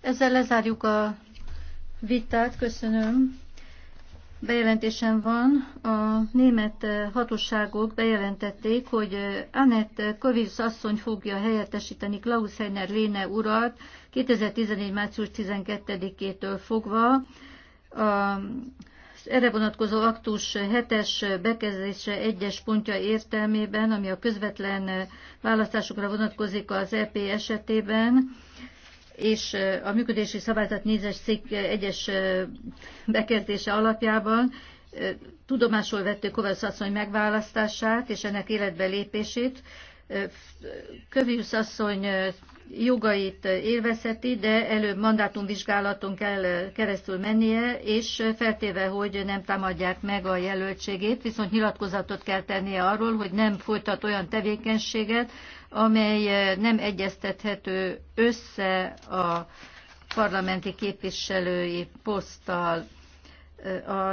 Ezzel lezárjuk a vitát, köszönöm. Bejelentésem van, a német hatóságok bejelentették, hogy Anett Kovics asszony fogja helyettesíteni Klaus Heiner Léne urat 2014. március 12-től fogva. A erre vonatkozó aktus 7-es bekezdése 1 pontja értelmében, ami a közvetlen választásokra vonatkozik az EP esetében, és a működési szabályzat nézes cikk egyes bekertése alapjában tudomásul vettük Kovács asszony megválasztását és ennek életbe lépését. Kövius asszony jogait élvezheti, de előbb mandátumvizsgálaton kell keresztül mennie, és feltéve, hogy nem támadják meg a jelöltségét, viszont nyilatkozatot kell tennie arról, hogy nem folytat olyan tevékenységet, amely nem egyeztethető össze a parlamenti képviselői poszttal. A